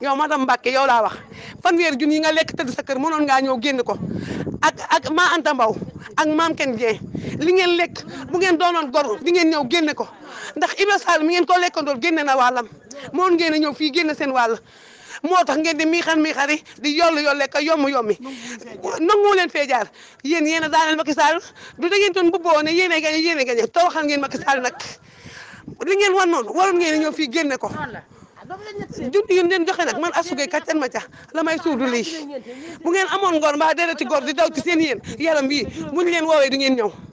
yow madame mbakke yow laa wax fanweeri junni yi nga lekk tëdd sa kër mënoon ngaa ñëw génn ko ak ak maa Anta Mbaw ak maam Ken Dieng li ngeen lekk bu ngeen doonoon gor di ngeen ñëw génne ko ndax Ibra Sall mi ngeen ko lekkandool génne na wàllam moon ngeen a ñëw fii génne seen wàll moo tax ngeen di miixan miixari di yollu yollu lekk yomb yombi nangu leen feejaar jaar yéen yéen a daaneel Macky Sall du da ngeen doon bubboo ne yéen a gañe yéen a gañe ngeen Macky Sall nag li ngeen wan noonu waroon ngeen ñëw fii génne ko junni yu leen joxe nak man asugay kàttan ma ca la may suudu lii bu ngeen amoon ngor mbaa déedéet ci góor di daw ci seen yéen yaram bii buñ leen woowee du ngeen ñëw